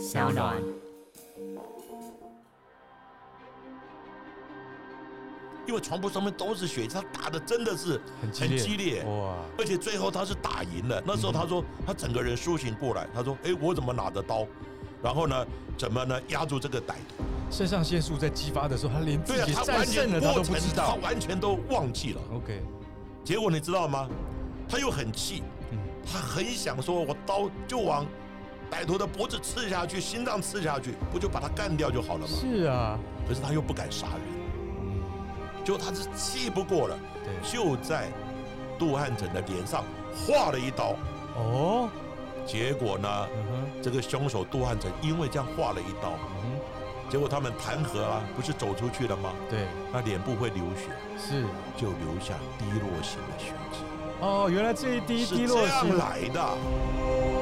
小暖，因為床鋪上面都是血，他打的真的是很激烈哇！而且最後他是打贏了。那時候他說，嗯、他整個人甦醒過來，他說：“哎、欸，我怎麼拿着刀？然後呢，怎麼呢，壓住這個歹徒？”腎上腺素在激發的時候，他連自己戰勝的、啊、過程他，他完全都忘記了。OK，結果你知道嗎？他又很氣、嗯，他很想說我刀就往，歹徒的脖子刺下去，心臟刺下去，不就把他幹掉就好了嗎？是啊，可是他又不敢殺人，就、嗯、他是氣不過了，對，就在杜漢成的臉上劃了一刀。哦，結果呢，嗯、這個兇手杜漢成因為這樣劃了一刀、嗯，結果他們談和了、啊，不是走出去了嗎？對，那臉部會流血，是，就留下滴落型的血跡。哦，原來低低這一滴滴落這樣來的。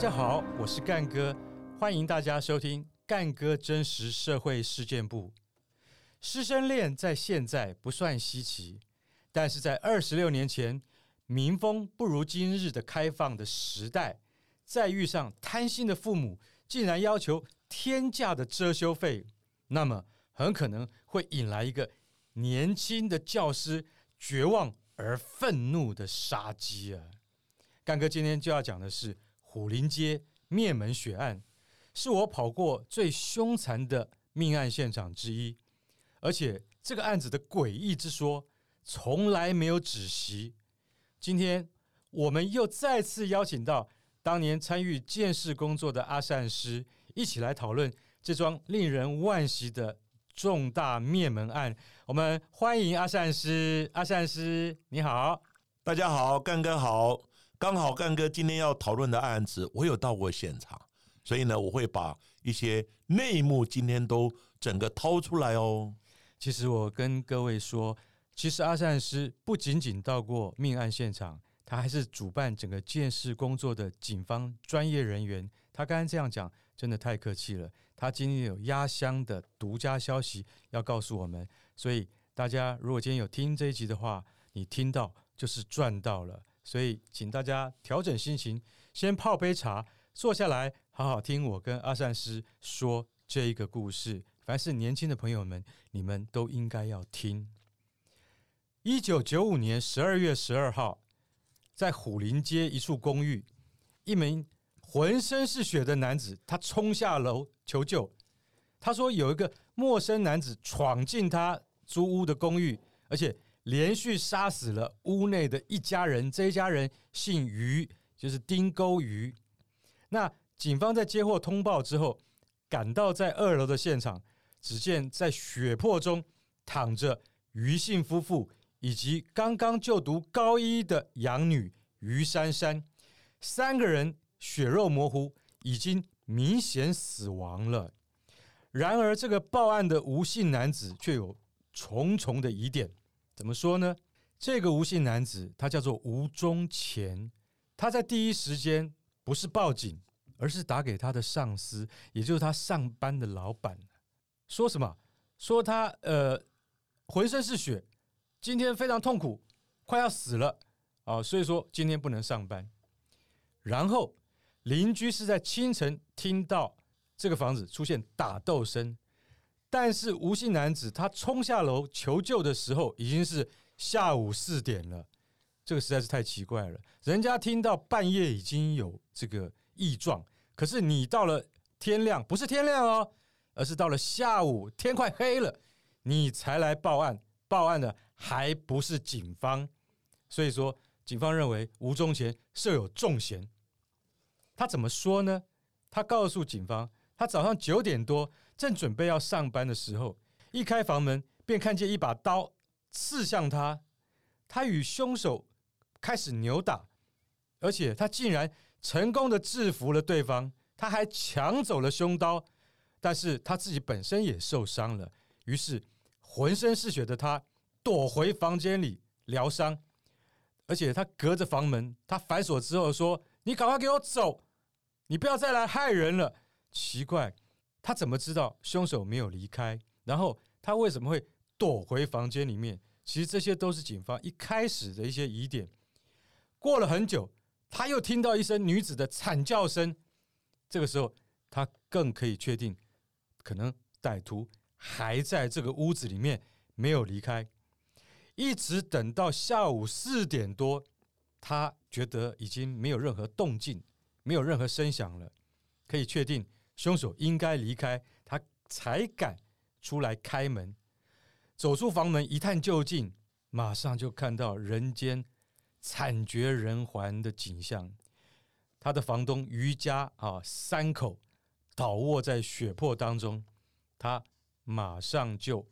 大家好，我是幹哥，歡迎大家收聽幹哥真實社會事件簿。師生戀在現在不算稀奇，但是在二十六年前，民風不如今日的開放的時代，再遇上貪心的父母，竟然要求天價的遮羞費，那麼很可能會引來一個年輕的教師絕望而憤怒的殺機啊！幹哥今天就要講的是。武林街滅門血案是我跑過最兇殘的命案現場之一，而且這個案子的詭異之說從來沒有止息。今天我們又再次邀請到當年參與鑑識工作的阿善師一起來討論這樁令人惋惜的重大滅門案。我們歡迎阿善師，阿善師。你好，大家好，幹哥好。剛好幹哥今天要討論的案子，我有到過現場，所以呢，我會把一些內幕今天都整個掏出來哦。其實我跟各位說，其實阿善師不僅僅到過命案現場，他還是主辦整個鑑識工作的警方專業人員。他剛剛這樣講，真的太客氣了。他今天有壓箱的獨家消息要告訴我們，所以大家如果今天有聽這一集的話，你聽到就是賺到了。所以，請大家調整心情，先泡杯茶，坐下來，好好聽我跟阿善師說這個故事。凡是年輕的朋友們，你們都應該要聽。一九九五年十二月十二號，在虎林街一處公寓，一名渾身是血的男子，他衝下樓求救。他說，有一個陌生男子闖進他租屋的公寓，而且，連續殺死了屋內的一家人，這一家人姓於，就是干勾於。那警方在接獲通報之後，趕到在二樓的現場，只見在血泊中躺着於姓夫婦以及剛剛就讀高一的養女於珊珊，三個人血肉模糊，已經明顯死亡了。然而，這個報案的吳姓男子卻有重重的疑點。怎麼說呢？這個吳姓男子他叫做吳中前，他在第一時間不是報警，而是打給他的上司，也就是他上班的老板，說什麼？說他呃渾身是血，今天非常痛苦，快要死了啊、哦，所以說今天不能上班。然後鄰居是在清晨聽到這個房子出現打鬥聲。但是，吳姓男子他衝下樓求救的時候，已經是下午四點了。這個實在是太奇怪了。人家聽到半夜已經有這個異狀，可是你到了天亮，不是天亮哦，而是到了下午，天快黑了，你才來報案。報案的還不是警方，所以說警方認為吳宗賢涉有重嫌。他怎麼說呢？他告訴警方，他早上九點多。正準備要上班的時候，一開房門便看見一把刀刺向他，他與兇手開始扭打，而且他竟然成功的制服了對方，他還搶走了兇刀，但是他自己本身也受傷了，於是渾身是血的他躲回房間裡療傷，而且他隔着房門，他反鎖之後說：“你趕快給我走，你不要再來害人了。”奇怪。他怎麼知道凶手沒有離開？然後他為什麼會躲回房間裡面？其實這些都是警方一開始的一些疑點。過了很久，他又聽到一聲女子的慘叫聲，這個時候他更可以確定，可能歹徒還在這個屋子裡面沒有離開。一直等到下午四點多，他覺得已經沒有任何動靜，沒有任何聲響了，可以確定。兇手應該離開，他才敢出來開門。走出房門一探究竟，馬上就看到人間慘絕人寰的景象。他的房東余家啊三口倒臥在血泊當中，他馬上就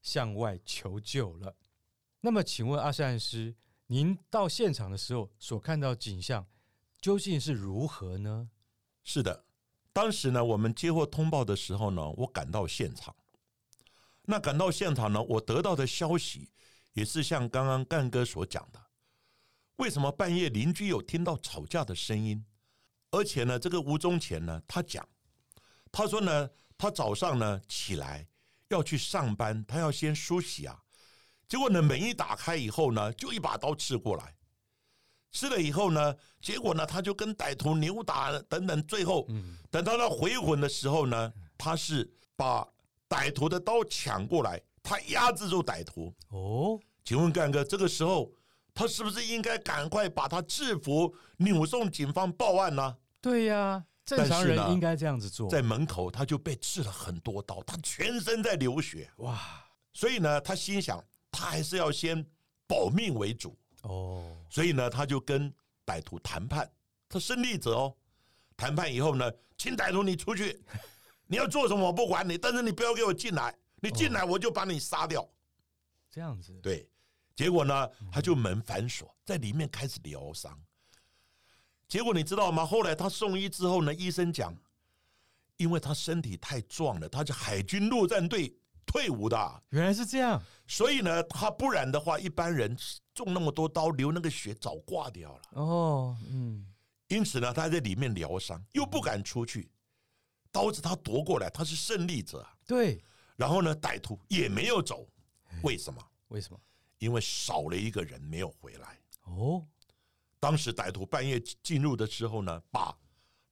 向外求救了。那麼，請問阿善師，您到現場的時候所看到景象究竟是如何呢？是的。當時呢，我們接獲通報的時候呢，我趕到現場。那趕到現場呢，我得到的消息也是像剛剛幹哥所講的，為什麼半夜鄰居有聽到吵架的聲音？而且呢，這個吳宗前呢，他講，他說呢，他早上呢起來要去上班，他要先梳洗啊。結果呢，門一打開以後呢，就一把刀刺過來。吃了以後呢，結果呢，他就跟歹徒扭打等等，最後，等到他回魂的時候呢，他是把歹徒的刀搶過來，他壓制住歹徒。哦，請問幹哥，哥，這個時候他是不是應該趕快把他制服，扭送警方報案呢？對呀，正常人應該這樣子做。在門口，他就被刺了很多刀，他全身在流血，哇！所以呢，他心想，他還是要先保命為主。哦、oh，所以呢，他就跟歹徒談判，他勝利者哦。談判以後呢，請歹徒你出去，你要做什麼我不管你，但是你不要給我進來，你進來我就把你殺掉。Oh. 這樣子。對。結果呢，他就門反鎖、嗯，在裡面開始療傷。結果你知道嗎？後來他送醫之後呢，醫生講，因為他身體太壯了，他是海軍陸戰隊。退伍的，原來是這樣，所以呢，他不然的話，一般人中那麼多刀，流那個血，早掛掉了。哦，嗯，因此呢，他在裡面療傷，又不敢出去，嗯。刀子他奪過來，他是勝利者。對。然後呢，歹徒也沒有走，為什麼？哎，為什麼？因為少了一個人沒有回來。哦。當時歹徒半夜進入的時候呢，把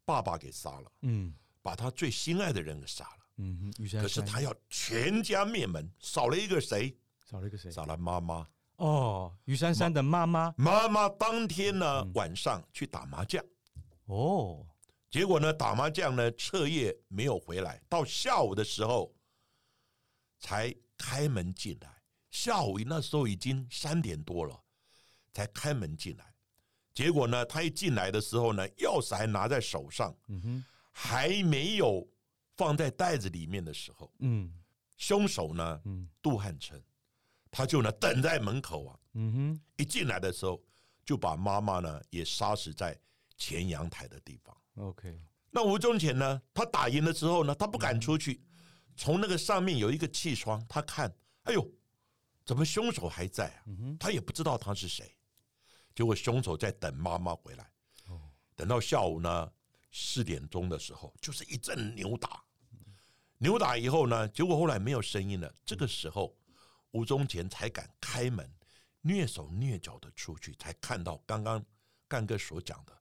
爸爸給殺了。嗯。把他最心愛的人給殺了。嗯哼珊珊，可是他要全家滅門，少了一個誰？少了一個誰？少了媽媽哦，於珊珊的媽媽。媽媽當天呢嗯、嗯，晚上去打麻將，哦，結果呢，打麻將呢，徹夜沒有回來。到下午的時候才開門進來，下午那時候已經三點多了，才開門進來。結果呢，他一進來的時候呢，鑰匙還拿在手上，嗯哼，還沒有。放在袋子裡面的時候，嗯，兇手呢，嗯，杜漢成，他就呢等在門口啊，嗯哼，一進來的時候就把媽媽呢也殺死在前陽台的地方。OK，那吳宗潛呢，他打贏了之後呢，他不敢出去，嗯，從那個上面有一個氣窗，他看，哎呦，怎麼兇手還在啊？嗯哼，他也不知道他是誰，結果兇手在等媽媽回來，哦，oh，等到下午呢。四點鐘的時候，就是一陣扭打，扭打以後呢，結果後來沒有聲音了。這個時候，吳宗前才敢開門，躡手躡腳的出去，才看到剛剛幹哥所講的，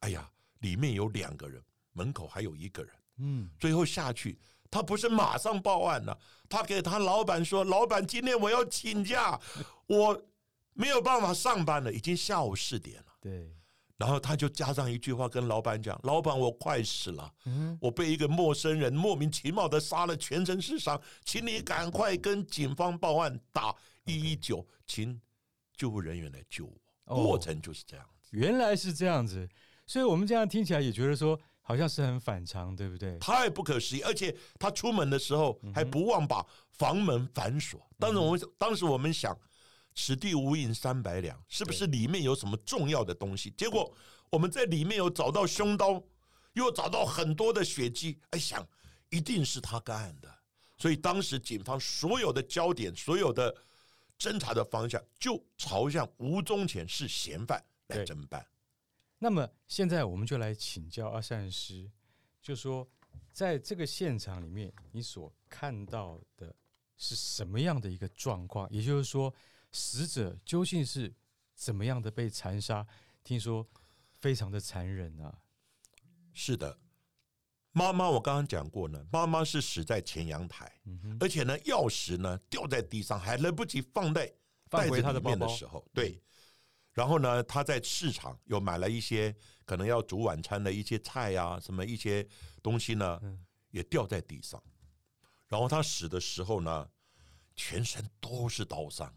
哎呀，裡面有兩個人，門口還有一個人。嗯，最後下去，他不是馬上報案了啊？他給他老闆說：“老闆，今天我要請假，我沒有辦法上班了，已經下午四點了。”對。然後他就加上一句話跟老板講：“老板，我快死了，嗯，我被一個陌生人莫名其妙的殺了，全身是傷，請你趕快跟警方報案打，嗯，打一一九，請救護人員來救我。哦。”過程就是這樣子，原來是這樣子，所以我們這樣聽起來也覺得說好像是很反常，對不對？太不可思議，而且他出門的時候還不忘把房門反鎖。當時我們、嗯、當時我們想。此地無銀三百兩，是不是裡面有什麼重要的東西？結果我們在裡面有找到兇刀，又找到很多的血跡，哎呀，一定是他幹的。所以當時警方所有的焦點、所有的偵查的方向就朝向吳宗潛是嫌犯來偵辦。那麼現在我們就來請教阿善師，就說在這個現場裡面，你所看到的是什麼樣的一個狀況？也就是說。死者究竟是怎麼樣的被殘殺？聽說非常的殘忍啊！是的，媽媽，我剛剛講過呢。媽媽是死在前陽台，嗯，而且呢，鑰匙呢掉在地上，還來不及放在帶回她的包的時候的包包。對，然後呢，她在市場又買了一些可能要煮晚餐的一些菜啊，什麼一些東西呢，也掉在地上。然後她死的時候呢，全身都是刀傷。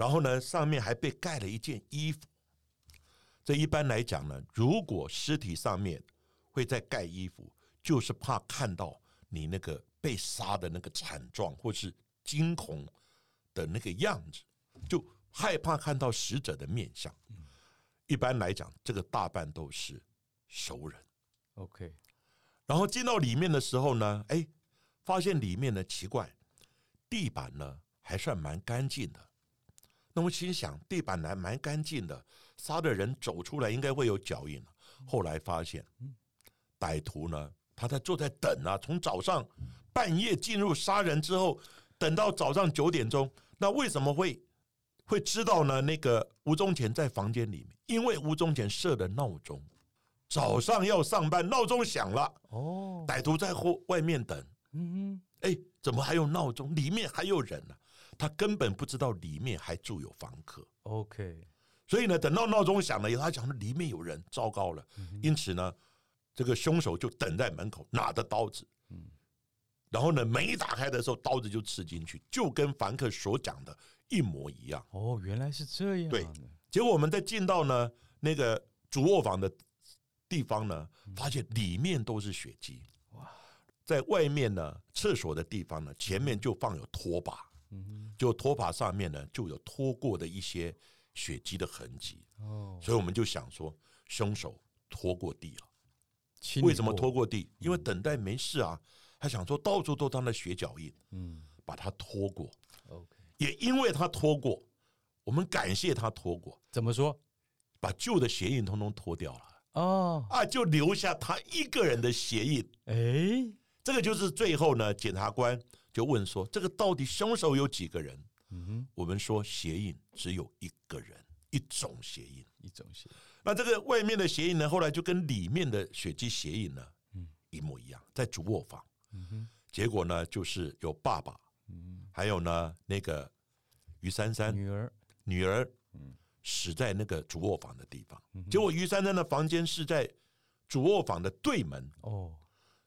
然後呢，上面還被蓋了一件衣服。這一般來講呢，如果屍體上面會再蓋衣服，就是怕看到你那個被殺的那個慘狀，或是驚恐的那個樣子，就害怕看到死者的面相。嗯，一般來講，這個大半都是熟人。OK。然後進到裡面的時候呢，哎，發現裡面的奇怪，地板呢還算蠻乾淨的。那我心想，地板還蠻乾淨的，殺的人走出來，應該會有腳印。後來發現、嗯，歹徒呢，他在坐在等啊，從早上半夜進入殺人之後，等到早上九點鐘，那為什麼會會知道呢？那個吳宗賢在房間裡面，因為吳宗賢設的鬧鐘，早上要上班，嗯，鬧鐘響了。哦，歹徒在後外面等。嗯哼，哎，怎麼還有鬧鐘？裡面還有人呢，啊？他根本不知道裡面還住有房客。OK，所以呢，等到鬧鐘響了以後，他講的裡面有人，糟糕了。嗯、因此呢，這個兇手就等在門口，拿着刀子。嗯。然後呢，門一打開的時候，刀子，就刺進去，就跟房客所講的一模一樣。哦，原來是這樣。對，結果我們在進到呢那個主臥房的地方呢，嗯，發現裡面都是血跡。哇，在外面呢，廁所的地方呢，前面就放有拖把。就拖把上面呢，就有拖過的一些血跡的痕跡哦，Oh, wow. 所以我們就想說，凶手拖過地了。為什麼拖過地？因為等待沒事啊，他、嗯、想說，到處都沾了血腳印，嗯，把他拖過、Okay. 也因為他拖過，我們感謝他拖過。怎麼說？把舊的鞋印通通拖掉了哦，Oh. 啊，就留下他一個人的鞋印。哎、欸，這個就是最後呢，檢察官。就問說，這個到底凶手有幾個人？嗯哼，我們說鞋印只有一個人，一種鞋印，一種鞋印。那這個外面的鞋印呢？後來就跟裡面的血跡鞋印呢，嗯，一模一樣，在主臥房。嗯哼，結果呢，就是有爸爸，嗯，還有呢，那個於珊珊女兒，女兒，嗯，死在那個主臥房的地方。嗯，結果於珊珊的房間是在主臥房的對門哦，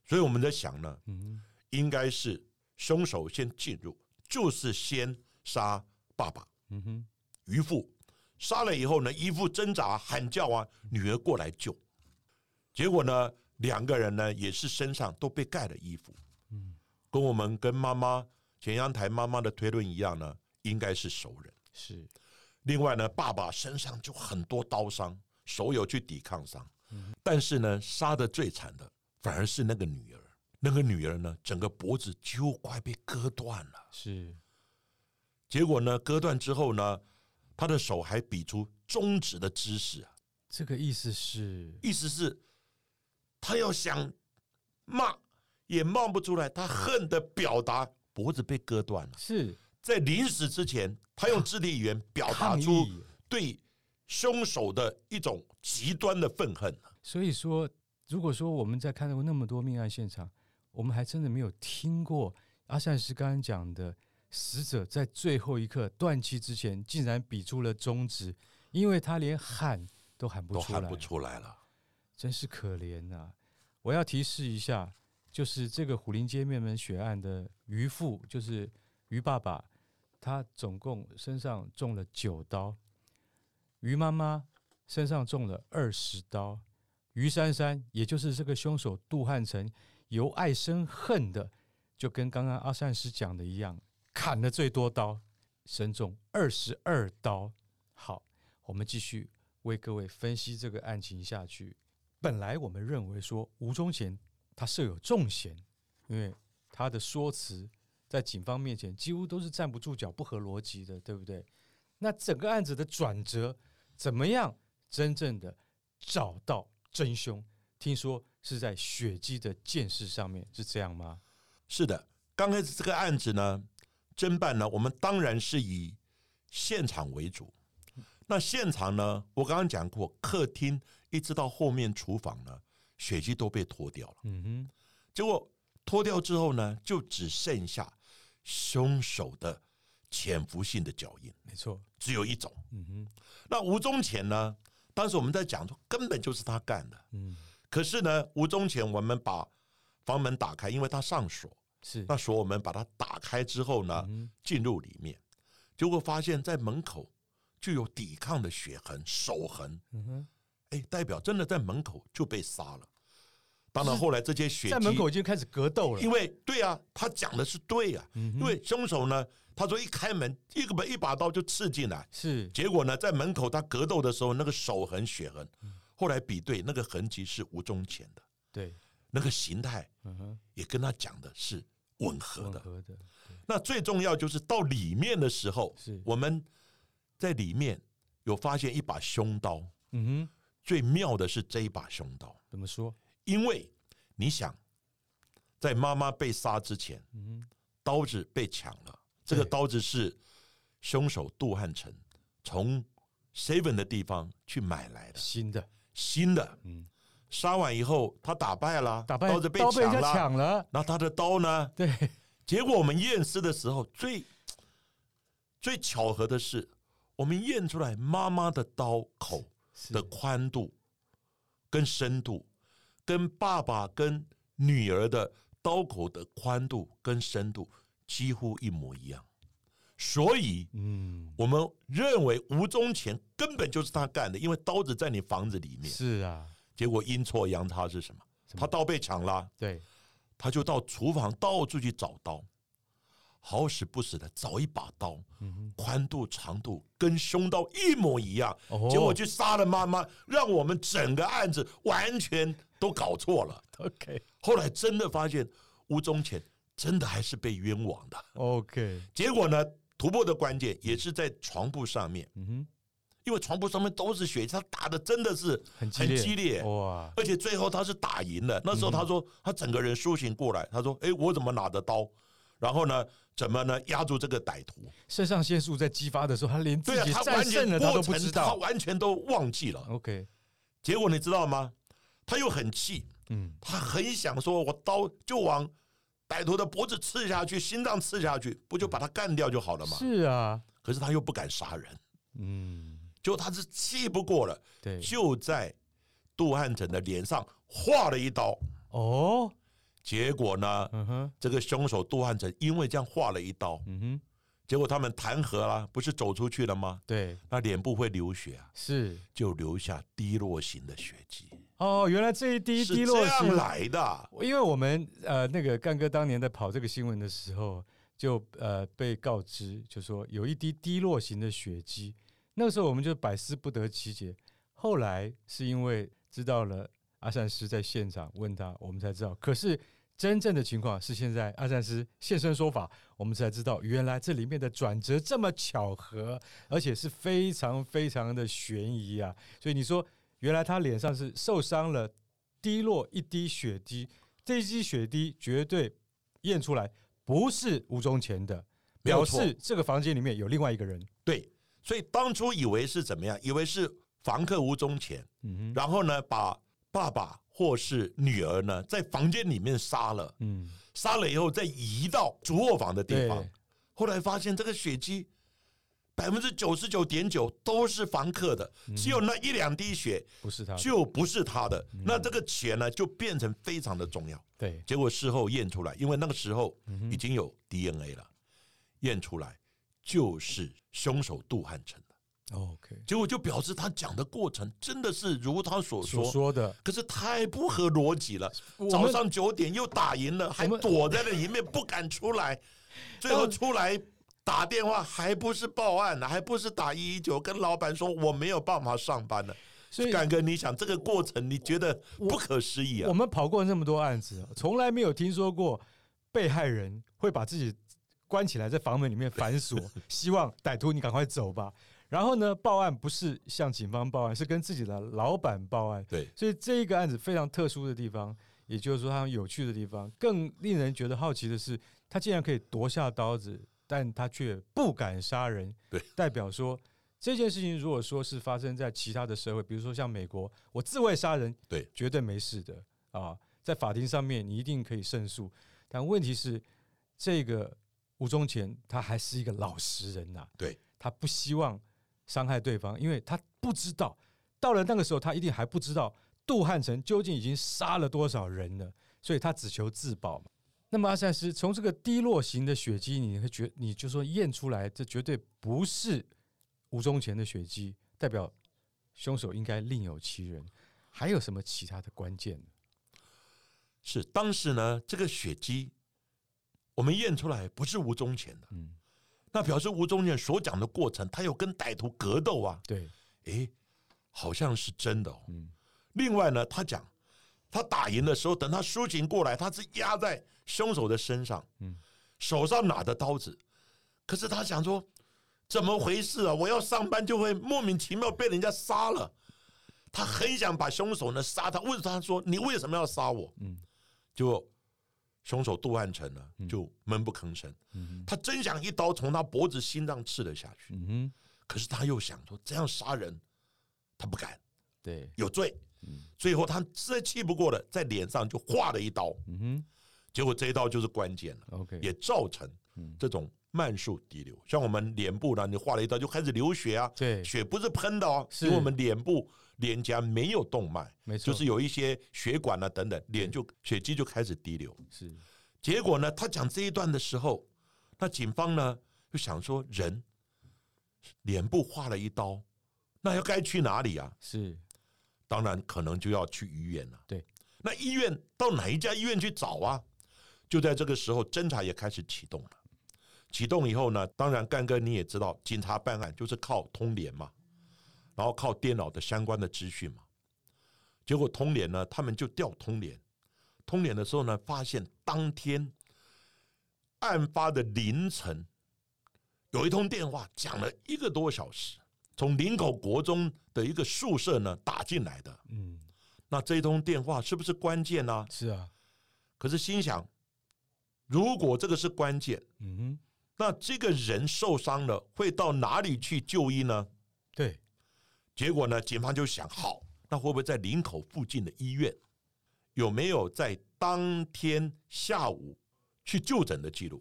所以我們在想呢，嗯，應該是。兇手先進入，就是先殺爸爸。嗯哼，漁父殺了以後呢，漁父掙扎喊叫啊，女兒過來救。結果呢，兩個人呢也是身上都被蓋了衣服。嗯，跟我們跟媽媽前陽台媽媽的推論一樣呢，應該是熟人。是，另外呢，爸爸身上就很多刀傷、手有去抵抗傷。嗯，但是呢，殺的最慘的反而是那個女兒。那個女兒呢？整個脖子就快被割斷了。是，結果呢？割斷之後呢？她的手還比出中指的姿勢啊！這個意思是？意思是，他要想罵也罵不出來，他恨的表達，脖子被割斷了。是在臨死之前，他用肢體語言表達出對兇手的一種極端的憤恨。所以說，如果說我們在看到過那麼多命案現場，我們還真的沒有聽過阿善師剛剛講的，死者在最後一刻斷氣之前，竟然比出了中指，因為他連喊都喊不出來，喊不出來了，真是可憐吶、啊！我要提示一下，就是這個虎林街滅門血案的余父，就是余爸爸，他總共身上中了九刀，余媽媽身上中了二十刀，余珊珊，也就是這個凶手杜漢成。由愛生恨的，就跟剛剛阿善師講的一樣，砍了最多刀，身中二十二刀。好，我們繼續為各位分析這個案情下去。本來我們認為說吳宗賢他涉有重嫌，因為他的說辭在警方面前幾乎都是站不住腳、不合邏輯的，對不對？那整個案子的轉折，怎麼樣真正的找到真凶？聽說。是在血跡的鑑識上面是這樣嗎？是的，剛開始這個案子呢，偵辦呢，我們當然是以現場為主。嗯。那現場呢，我剛剛講過，客廳一直到後面廚房呢，血跡都被拖掉了。嗯。結果拖掉之後呢，就只剩下兇手的潛伏性的腳印。沒錯，只有一種。嗯。那吳宗潛呢？當時我們在講說，根本就是他幹的。嗯。可是呢，吳宗前我們把房門打開，因為他上鎖。是那鎖我們把它打開之後呢，進、嗯、入裡面，結果發現在門口就有抵抗的血痕、手痕。嗯哼，哎、欸，代表真的在門口就被殺了。當然後來這些血在門口已經開始格鬥了，因為對啊，他講的是對啊，嗯、因為凶手呢，他說一開門一個一把刀就刺進來。是結果呢，在門口他格鬥的時候，那個手痕、血痕。後來比對那個痕跡是吳宗前的，對，那個形態，嗯哼，也跟他講的是吻合的，嗯。那最重要就是到裡面的時候是，我們在裡面有發現一把兇刀，嗯哼，最妙的是這一把兇刀，怎麼說？因為你想，在媽媽被殺之前，嗯，刀子被搶了，這個刀子是兇手杜漢城從 seven 的地方去買來的，新的。新的，嗯，殺完以後他打敗了，打敗了，刀子被搶了，搶了，那他的刀呢？對，結果我們驗屍的時候，最最巧合的是，我們驗出來媽媽的刀口的寬度跟深度，跟爸爸跟女兒的刀口的寬度跟深度幾乎一模一樣。所以，嗯，我們認為吳宗前根本就是他幹的，因為刀子在你房子裡面。是啊，結果陰錯陽差是什麼？什麼他刀被搶了，對，他就到廚房到處去找刀，好死不死的找一把刀，嗯、寬度、長度跟兇刀一模一樣，哦哦，結果就殺了媽媽，讓我們整個案子完全都搞錯了。 OK，後來真的發現吳宗前真的還是被冤枉的。OK，結果呢？突破的關鍵也是在床鋪上面，嗯哼，因為床鋪上面都是血，他打的真的是很激，很激烈，哇！而且最後他是打贏了。那時候他說，嗯、他整個人甦醒過來，他說：“誒、欸，我怎麼拿着刀？然後呢，怎麼呢，壓住這個歹徒？腎上腺素在激發的時候，他連自己戰勝的過程、啊、都不知道，他完全都忘記了。OK，結果你知道嗎？他又很氣，嗯，他很想說，我刀就往。”歹徒的脖子刺下去，心臟刺下去，不就把他幹掉就好了嗎？是啊、嗯，可是他又不敢殺人，嗯，就他是氣不過了，對，就在杜漢成的臉上劃了一刀。哦，結果呢？嗯哼，這個兇手杜漢成因為這樣劃了一刀，嗯哼，結果他們談和了，不是走出去了嗎？對，那臉部會流血啊，是，就留下滴落型的血跡。哦，原來這一滴滴落型是這樣來的，因為我們呃那個乾哥當年在跑這個新聞的時候，就呃被告知，就說有一滴滴落型的血跡。那個時候我們就百思不得其解。後來是因為知道了阿善師在現場問他，我們才知道。可是真正的情況是現在阿善師現身說法，我們才知道原來這裡面的轉折這麼巧合，而且是非常非常的懸疑啊！所以你說。原來他臉上是受傷了，滴落一滴血滴，這一滴血滴絕對驗出來不是吳宗前的，表示這個房間裡面有另外一個人。對，所以當初以為是怎麼樣？以為是房客吳宗前，嗯哼，然後呢，把爸爸或是女兒呢在房間裡面殺了，嗯，殺了以後再移到主臥房的地方，後來發現這個血跡。百分之九十九點九都是房客的，只有那一兩滴血不是他，就不是他的。那這個血呢，就變成非常的重要。對，結果事後驗出來，因為那個時候已經有 DNA 了，驗出來就是兇手杜漢成。OK，結果就表示他講的過程真的是如他所說說的，可是太不合邏輯了。早上九點又打贏了，還躲在那裡面不敢出來，最後出來。打電話還不是報案呢，還不是打一一九，跟老闆說我沒有辦法上班了。所以幹哥，敢跟你想這個過程你覺得不可思議啊？我，我們跑過那麼多案子，從來沒有聽說過被害人會把自己關起來在房門裡面反鎖，希望歹徒你趕快走吧。 然後呢，報案不是向警方報案，是跟自己的老闆報案。對，所以這一個案子非常特殊的地方，也就是說它很有趣的地方，更令人覺得好奇的是，他竟然可以奪下刀子。但他卻不敢殺人，對，代表說這件事情如果說是發生在其他的社會，比如說像美國，我自衛殺人，對，絕對沒事的啊，在法庭上面你一定可以勝訴。但問題是，這個吳宗前他還是一個老實人吶，啊，對他不希望傷害對方，因為他不知道到了那個時候，他一定還不知道杜漢成究竟已經殺了多少人了，所以他只求自保。那麼阿善師從這個滴落型的血跡，你會覺你就說驗出來，這絕對不是吳宗前的血跡，代表兇手應該另有其人。還有什麼其他的關鍵？是當時呢，這個血跡我們驗出來不是吳宗前的，嗯，那表示吳宗前所講的過程，他有跟歹徒格鬥啊。對，哎、欸，好像是真的哦。嗯，另外呢，他講他打贏的時候，等他甦醒過來，他是壓在。兇手的身上，手上拿着刀子，可是他想說，怎麼回事啊？我要上班就會莫名其妙被人家殺了，他很想把兇手呢殺他。他問他說：“你為什麼要殺我？”嗯、就兇手杜漢成呢、嗯，就悶不吭聲、嗯。他真想一刀從他脖子心臟刺了下去。嗯、可是他又想說這樣殺人，他不敢。對，有罪。嗯、最後他真氣不過了，在臉上就劃了一刀。嗯結果這一刀就是關鍵了，OK，也造成這種慢速滴流。像我們臉部呢，你劃了一刀就開始流血啊，對，血不是噴的、啊，因為我們臉部臉頰沒有動脈，沒錯，就是有一些血管啊等等，臉就、嗯、血跡就開始滴流。是，結果呢，他講這一段的時候，那警方呢就想說人，人臉部劃了一刀，那要該，該去哪裡啊？是，當然可能就要去醫院了、啊。對，那醫院到哪一家醫院去找啊？就在這個時候，偵查也開始啟動了。啟動以後呢，當然幹哥你也知道，警察辦案就是靠通聯嘛，然後靠電腦的相關的資訊嘛。結果通聯呢，他們就調通聯，通聯的時候呢，發現當天案發的凌晨，有一通電話講了一個多小時，從林口國中的一個宿舍呢打進來的。嗯，那這一通電話是不是關鍵呢？是啊，可是心想。如果這個是關鍵，嗯哼，那這個人受傷了會到哪裡去就醫呢？對，結果呢，警方就想，好，那會不會在林口附近的醫院，有沒有在當天下午去就診的記錄？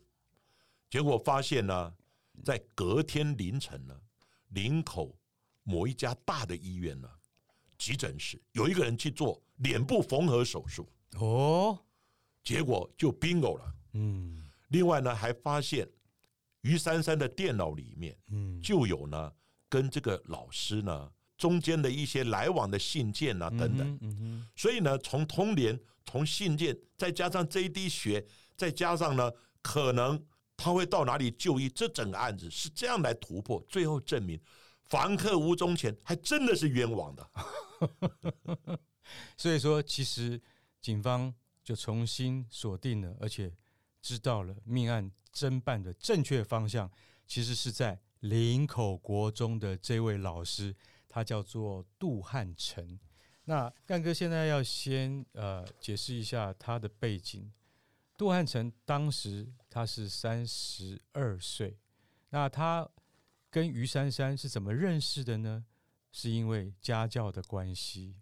結果發現呢，在隔天凌晨呢，林口某一家大的醫院呢，急診室有一個人去做臉部縫合手術，哦，結果就 bingo 了。嗯，另外呢，還發現於珊珊的電腦裡面，嗯，就有呢跟這個老師呢中間的一些來往的信件啊等等，嗯，嗯，所以呢，從通聯、從信件，再加上這一滴血，再加上呢，可能他會到哪裡就醫，這整個案子是這樣來突破，最後證明房客吳忠前還真的是冤枉的， 所以說，其實警方就重新鎖定了，而且。知道了命案偵辦的正確方向，其實是在林口國中的這位老師，他叫做杜漢成。那幹哥現在要先呃解釋一下他的背景。杜漢成當時他是三十二歲，那他跟余珊珊是怎麼認識的呢？是因為家教的關係，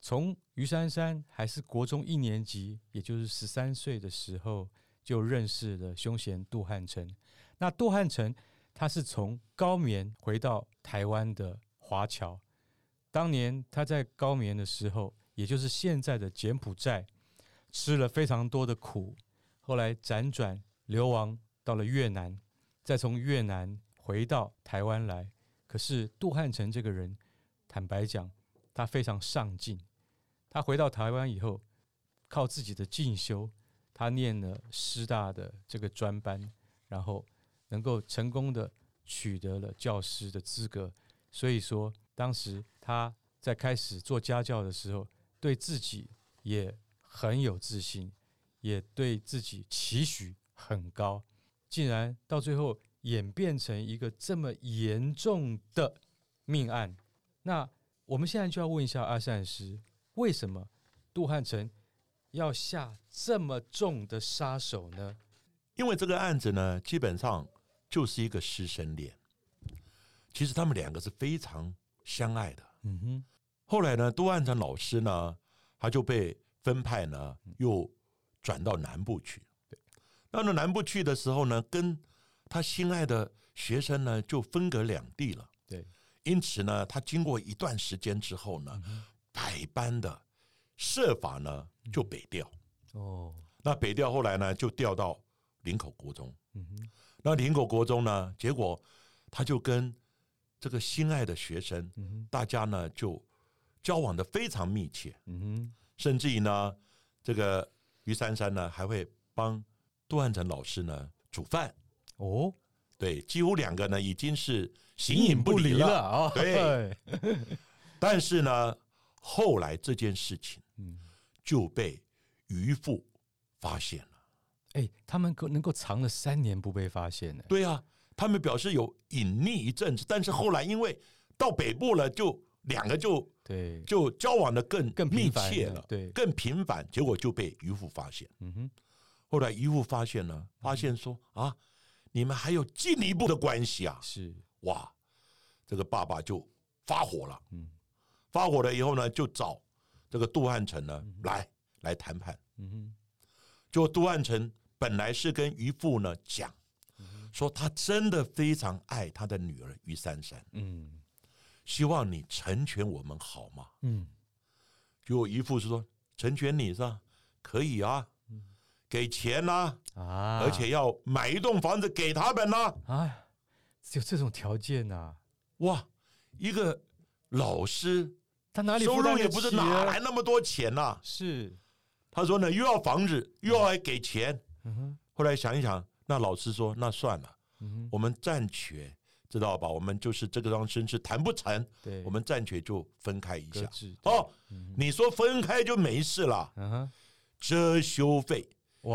從余珊珊還是國中一年級，也就是十三歲的時候。就認識了兇嫌杜漢成。那杜漢成他是從高棉回到台灣的華僑。當年他在高棉的時候，也就是現在的柬埔寨，吃了非常多的苦。後來輾轉流亡到了越南，再從越南回到台灣來。可是杜漢成這個人，坦白講，他非常上進。他回到台灣以後，靠自己的進修。他念了師大的這個專班，然後能夠成功的取得了教師的資格，所以說當時他在開始做家教的時候，對自己也很有自信，也對自己期許很高，竟然到最後演變成一個這麼嚴重的命案。那我們現在就要問一下阿善師，為什麼杜漢成？要下這麼重的殺手呢？因為這個案子呢，基本上就是一個師生戀。其實他們兩個是非常相愛的。嗯哼。後來呢，杜岸長老師呢，他就被分派呢，又轉到南部去。對。到了南部去的時候呢，跟他心愛的學生呢，就分隔兩地了。對。因此呢，他經過一段時間之後呢，百、嗯、般的。設法呢，就北調。哦、嗯，那北調後來呢，就調到林口國中。嗯哼，那林口國中呢，結果他就跟這個心愛的學生，嗯哼，大家呢就交往的非常密切。嗯哼，甚至於呢，這個於珊珊呢，還會幫杜漢成老師呢煮飯。哦，對，幾乎兩個呢已經是形影不離了啊、哦。對， 但是呢，後來這件事情。嗯，就被漁夫發現了。哎，他們可能夠藏了三年不被發現呢？對啊，他們表示有隱匿一陣子，但是後來因為到北部了，就兩個就對，就交往的更更密切了，對，更頻繁，結果就被漁夫發現。嗯哼，後來漁夫發現了，發現說啊，你們還有進一步的關係啊？是，哇，這個爸爸就發火了。嗯，發火了以後呢，就找。這個杜漢臣呢，嗯、來來談判。嗯，就杜漢臣本來是跟於父呢講、嗯，說他真的非常愛他的女兒於珊珊。嗯，希望你成全我們好嗎？嗯，就於父是說成全你是吧、啊？可以啊，嗯、給錢吶啊，啊，而且要買一棟房子給他們吶啊，就、啊、這種條件吶、啊，哇，一個老師。他哪裡收入，也不是哪來那麼多錢吶、啊？是，他說呢，又要房子，又要還給錢。後來想一想，那老師說，那算了，我們暫且知道吧，我們就是這個樁事是談不成，對，我們暫且就分開一下。哦，你說分開就沒事了？遮羞費，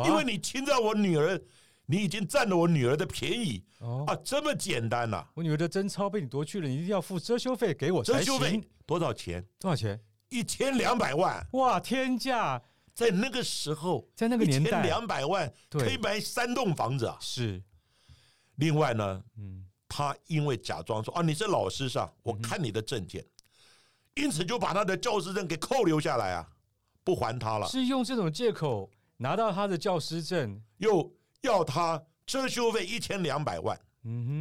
因為你侵佔我女兒。你已經占了我女兒的便宜、哦、啊！這麼簡單吶、啊！我女兒的貞操被你奪去了，你一定要付遮羞費給我才行。遮羞費多少錢？多少錢？一千兩百萬！哇，天價！在那個時候，在那個年代，一千兩百萬可以買三棟房子啊！是。另外呢，嗯，他因為假裝說啊你是老師是、啊，我看你的證件、嗯，因此就把他的教師證給扣留下來啊，不還他了。是用這種借口拿到他的教師證又。叫他遮羞費一千兩百萬，嗯哼，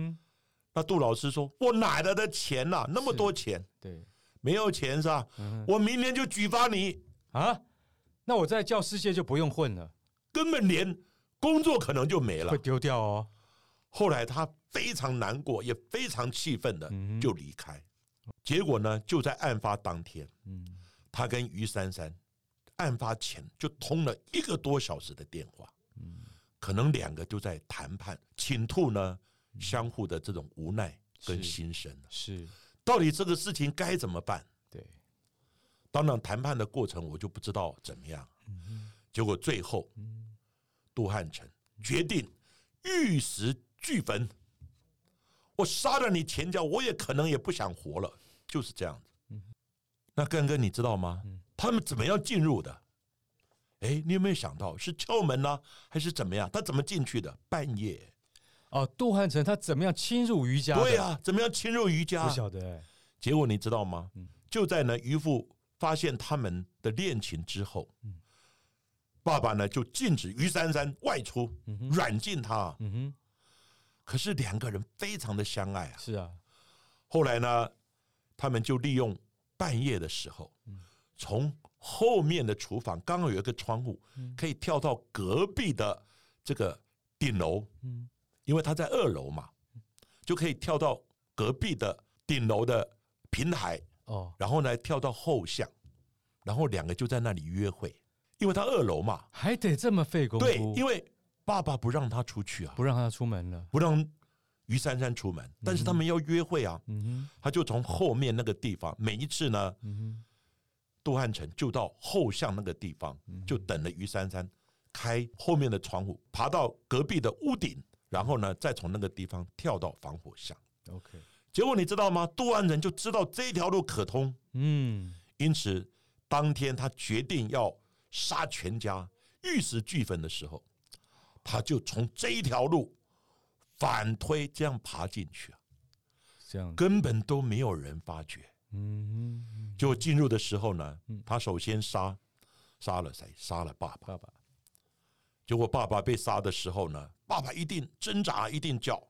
那杜老師說：“我哪來的錢吶、啊，那麼多錢，對，沒有錢是吧？嗯、我明年就舉發你啊！那我在教師界就不用混了，根本連工作可能就沒了，會丟掉哦。後來他非常難過，也非常氣憤的就離開、嗯。結果呢，就在案發當天，嗯、他跟於珊珊案發前就通了一個多小時的電話。可能兩個就在談判，傾吐呢，相互的這種無奈跟心聲是，是，到底這個事情該怎麼辦？對，當然談判的過程我就不知道怎麼樣，嗯、結果最後，嗯、杜漢成決定玉石俱焚，我殺了你全家，我也可能也不想活了，就是這樣子。嗯、那幹哥你知道嗎、嗯？他們怎麼樣進入的？哎，你有沒有想到是敲門呢，還是怎麼樣？他怎麼進去的？半夜哦，杜漢成他怎麼樣侵入於家？對呀、啊，怎麼樣侵入於家？不曉得、欸。結果你知道嗎？就在呢，於父發現他們的戀情之後，嗯、爸爸呢就禁止於珊珊外出、嗯，軟禁他。嗯、可是兩個人非常的相愛啊。是啊。後來呢，他們就利用半夜的時候，嗯、從。後面的廚房剛好有一個窗戶、嗯，可以跳到隔壁的這個頂樓、嗯，因為他在二樓嘛、嗯，就可以跳到隔壁的頂樓的平台、哦、然後呢，跳到後巷，然後兩個就在那裡約會，因為他二樓嘛，還得這麼費功夫。對，因為爸爸不讓他出去啊，不讓他出門了，不讓於珊珊出門、嗯，但是他們要約會啊，嗯、他就從後面那個地方，每一次呢。嗯杜漢城就到後巷那個地方，就等著於珊珊開後面的窗戶，爬到隔壁的屋頂，然後呢，再從那個地方跳到防火巷。OK，結果你知道嗎？杜漢城就知道這一條路可通，嗯，因此當天他決定要殺全家玉石俱焚的時候，他就從這一條路反推，這樣爬進去啊，這樣根本都沒有人發覺。嗯，就 進入的時候呢，他首先殺殺了誰？殺了爸爸。爸爸，結果爸爸被殺的時候呢，爸爸一定掙扎，一定叫。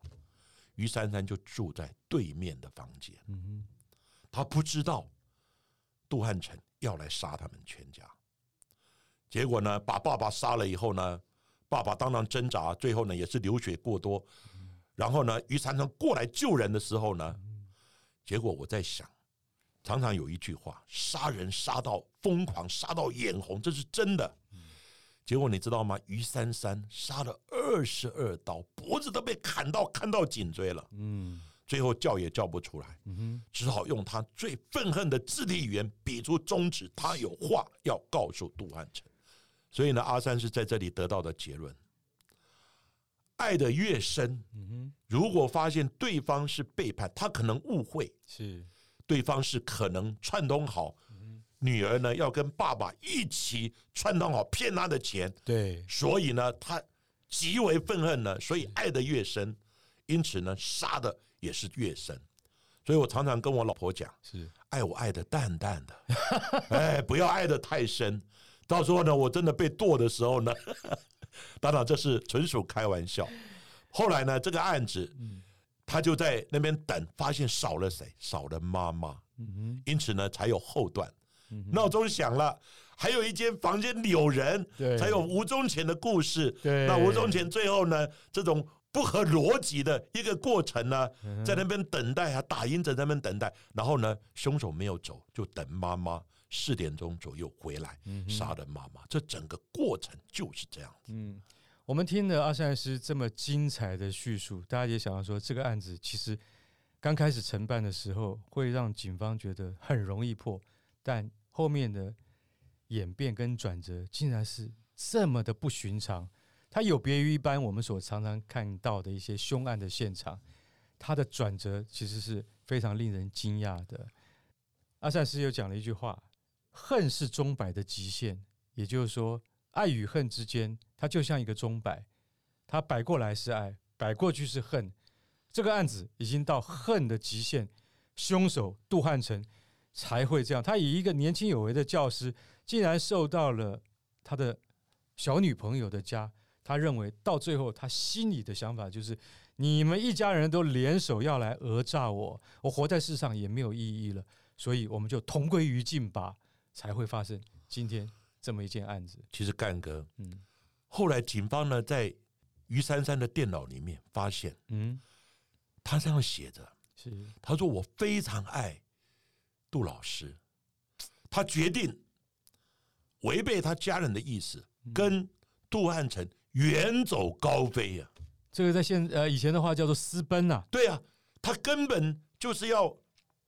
於珊珊就住在對面的房間，嗯哼， 他不知道杜漢臣要來殺他們全家。結果呢，把爸爸殺了以後呢，爸爸當然掙扎，最後呢也是流血過多。 然後呢，於珊珊過來救人的時候呢，結果我在想。常常有一句話：殺人殺到瘋狂，殺到眼紅，這是真的。結果你知道嗎？余三三殺了二十二刀，脖子都被砍到，砍到頸椎了。最後叫也叫不出來，嗯、只好用他最憤恨的肢體語言，比出中指。他有話要告訴杜漢城。所以呢，阿三是在這裡得到的結論：愛得越深，如果發現對方是背叛，他可能誤會是。對方是可能串通好，女兒呢，要跟爸爸一起串通好騙他的錢。對，所以呢，他極為憤恨呢，所以愛得越深，因此呢，殺的也是越深。所以我常常跟我老婆講，是愛我愛得淡淡的， 哎，不要愛得太深，到時候呢，我真的被剁的時候呢，當然這是純屬開玩笑。後來呢，這個案子。嗯他就在那邊等，發現少了誰？少了媽媽、嗯。因此呢，才有後段。嗯。鬧鐘響了，還有一間房間有人、嗯。對。還有吳宗權的故事。對。那吳宗權最後呢，這種不合邏輯的一個過程呢，嗯、在那邊等待啊，打暈在那邊等待，然後呢，兇手沒有走，就等媽媽四點鐘左右回來，殺、嗯、了媽媽。這整個過程就是這樣子。嗯我們聽了阿善師這麼精彩的敘述，大家也想到說，這個案子其實剛開始承辦的時候，會讓警方覺得很容易破，但後面的演變跟轉折，竟然是這麼的不尋常。它有別於一般我們所常常看到的一些凶案的現場，它的轉折其實是非常令人驚訝的。阿善師又講了一句話：“恨是鐘擺的極限。”也就是說。愛與恨之間，它就像一個鐘擺，它擺過來是愛，擺過去是恨。這個案子已經到恨的極限，兇手杜漢成才會這樣。他以一個年輕有為的教師，竟然受到了他的小女朋友的家。他認為，到最後，他心裡的想法就是：你們一家人都聯手要來訛詐我，我活在世上也沒有意義了，所以我們就同歸於盡吧，才會發生今天。這麼一件案子，其實，幹哥，嗯，後來警方呢，在於珊珊的電腦裡面發現，嗯，他這樣寫着，是，是，是他說我非常愛杜老師，他決定違背他家人的意思，嗯、跟杜漢成遠走高飛呀、啊。這個在現呃以前的話叫做私奔吶、啊。對啊，他根本就是要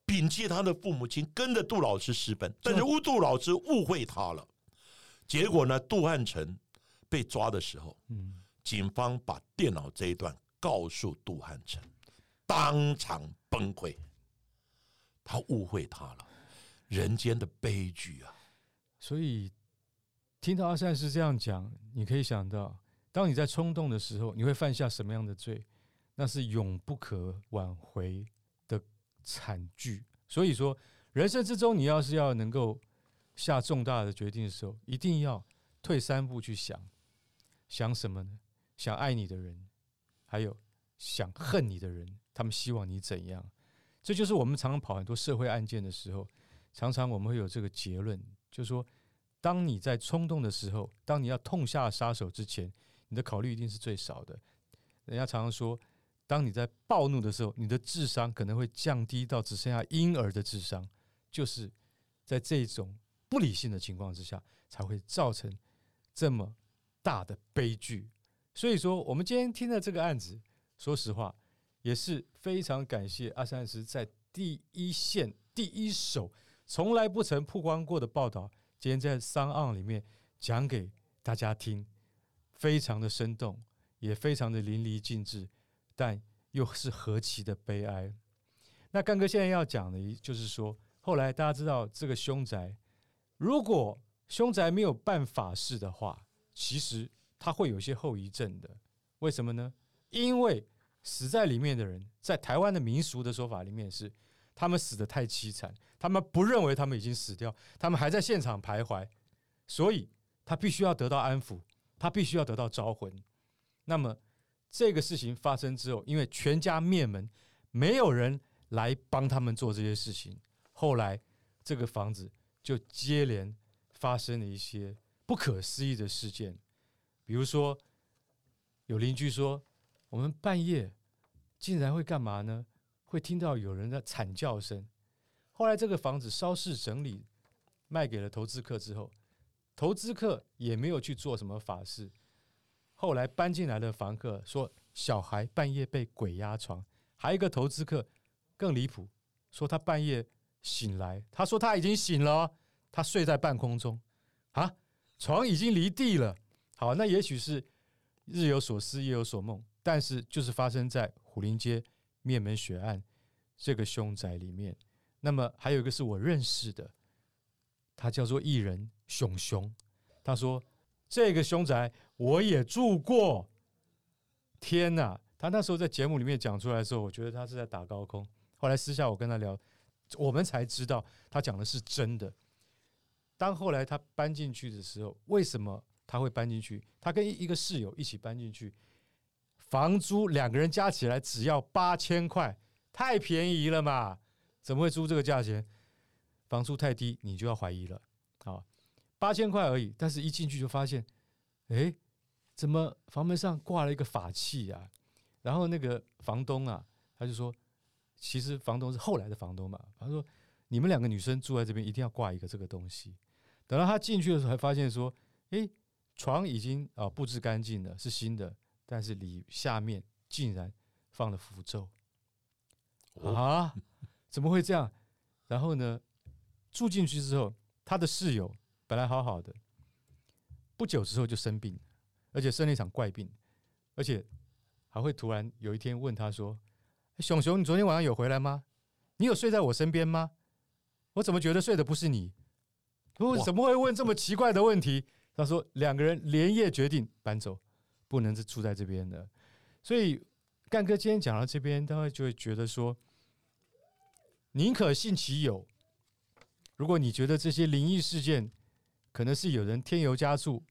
摒棄他的父母親，跟着杜老師私奔。但是杜老師誤會他了。結果呢，杜漢成被抓的時候，嗯，警方把電腦這一段告訴杜漢成，當場崩潰。他誤會他了，人間的悲劇啊！所以聽到阿善師這樣講，你可以想到，當你在衝動的時候，你會犯下什麼樣的罪？那是永不可挽回的慘劇。所以說，人生之中，你要是要能夠。下重大的決定的時候，一定要退三步去想，想什麼呢？想愛你的人，還有想恨你的人，他們希望你怎樣？這就是我們常常跑很多社會案件的時候，常常我們會有這個結論，就是說，當你在衝動的時候，當你要痛下殺手之前，你的考慮一定是最少的。人家常常說，當你在暴怒的時候，你的智商可能會降低到只剩下嬰兒的智商，就是在這種。不理性的情況之下，才會造成這麼大的悲劇。所以說，我們今天聽了這個案子，說實話也是非常感謝阿善師在第一線、第一手，從來不曾曝光過的報道，今天在 SoundOn 裡面講給大家聽，非常的生動，也非常的淋漓盡致，但又是何其的悲哀。那幹哥現在要講的，就是說，後來大家知道這個凶宅。如果兇宅沒有辦法事的話，其實他會有些後遺症的。為什麼呢？因為死在裡面的人，在台灣的民俗的說法裡面是，他們死得太淒慘，他們不認為他們已經死掉，他們還在現場徘徊，所以他必須要得到安撫，他必須要得到招魂。那麼這個事情發生之後，因為全家滅門，沒有人來幫他們做這些事情。後來這個房子。就接連發生了一些不可思議的事件，比如說，有鄰居說，我們半夜竟然會幹嘛呢？會聽到有人的慘叫聲。後來這個房子稍事整理，賣給了投資客之後，投資客也沒有去做什麼法事。後來搬進來的房客說，小孩半夜被鬼壓床。還有一個投資客更離譜，說他半夜醒來，他說他已經醒了。他睡在半空中，啊，床已經離地了。好，那也許是日有所思，夜有所夢，但是就是發生在虎林街滅門血案這個凶宅裡面。那麼還有一個是我認識的，他叫做藝人熊熊，他說這個凶宅我也住過。天哪！他那時候在節目裡面講出來的時候，我覺得他是在打高空。後來私下我跟他聊，我們才知道他講的是真的。當後來他搬進去的時候，為什麼他會搬進去？他跟一個室友一起搬進去，房租兩個人加起來只要八千塊，太便宜了嘛。怎麼會租這個價錢？房租太低，你就要懷疑了。好，八千塊而已，但是一進去就發現，哎，怎麼房門上掛了一個法器啊？然後那個房東啊，他就說，其實房東是後來的房東嘛，他說，你們兩個女生住在這邊，一定要掛一個這個東西。等到他進去的時候，才發現說：“哎、欸，床已經啊、哦、布置乾淨了，是新的，但是裡下面竟然放了符咒、oh. 啊！怎麼會這樣？”然後呢，住進去之後，他的室友本來好好的，不久之後就生病，而且生了一場怪病，而且還會突然有一天問他說：“欸、熊熊，你昨天晚上有回來嗎？你有睡在我身邊嗎？我怎麼覺得睡的不是你？”不怎麼會問這麼奇怪的問題。他說兩個人連夜決定搬走，不能是住在這邊的。所以乾哥今天講到這邊，他會就會覺得說：寧可信其有。如果你覺得這些靈異事件可能是有人添油加醋，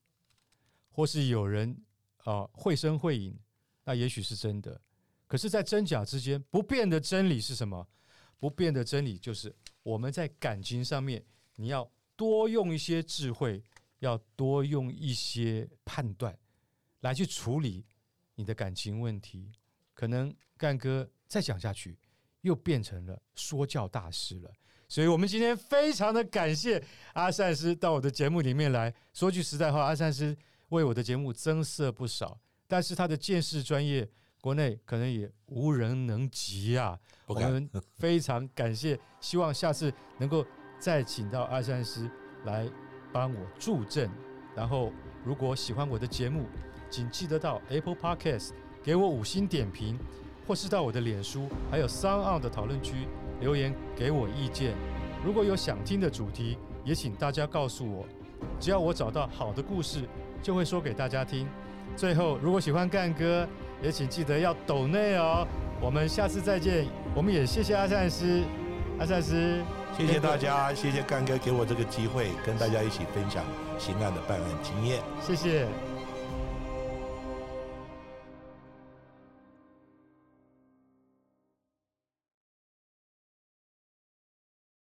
或是有人啊繪聲繪影，那也許是真的。可是，在真假之間，不變的真理是什麼？不變的真理就是我們在感情上面，你要。多用一些智慧，要多用一些判斷來去處理你的感情問題。可能幹哥再講下去，又變成了說教大師了。所以，我們今天非常的感謝阿善師到我的節目裡面來說句實在話。阿善師為我的節目增色不少，但是他的鑑識專業，國內可能也無人能及啊。我們非常感謝， 希望下次能夠。再請到阿善師來幫我助陣。然後，如果喜歡我的節目，請記得到 Apple Podcast 給我五星點評，或是到我的臉書還有三 n 的討論區留言給我意見。如果有想聽的主題，也請大家告訴我。只要我找到好的故事，就會說給大家聽。最後，如果喜歡幹哥，也請記得要抖內哦。我們下次再見。我們也謝謝阿善師，阿善師。謝謝大家，對對對，謝謝幹哥給我這個機會，跟大家一起分享刑案的辦案經驗。謝謝。